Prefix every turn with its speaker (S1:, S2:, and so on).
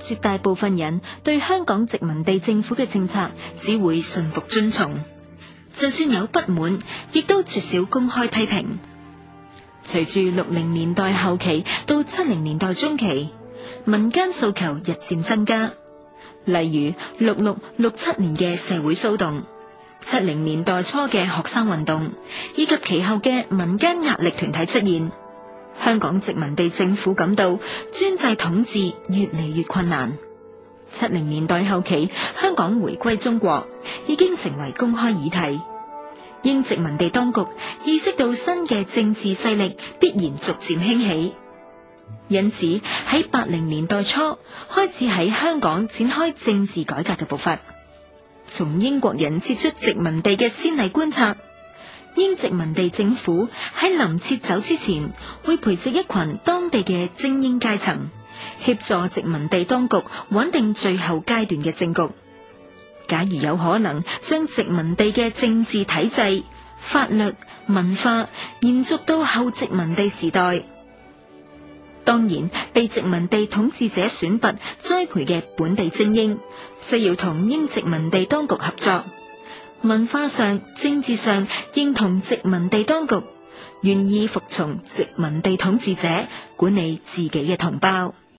S1: 絕大部分人對香港殖民地政府嘅政策只會信服遵從，就算有不滿，亦都絕少公開批評。隨住六零年代後期到七零年代中期，民間訴求日漸增加，例如六六六七年嘅社會騷動、七零年代初嘅學生運動，以及其後嘅民間壓力團體出現。香港殖民地政府感到專制統治越嚟越困難。七零年代後期，香港回歸中國已經成為公開議題。英殖民地當局意識到新嘅政治勢力必然逐漸興起，因此喺八零年代初開始喺香港展開政治改革嘅步伐。從英國人撤出殖民地嘅先例觀察。英殖民地政府喺臨撤走之前，會培植一群當地嘅精英階層，協助殖民地當局穩定最後階段嘅政局。假如有可能，將殖民地嘅政治體制、法律、文化延續到後殖民地時代。當然，被殖民地統治者選拔栽培嘅本地精英，需要同英殖民地當局合作。文化上、政治上，認同殖民地當局，願意服從殖民地統治者，管理自己嘅同胞。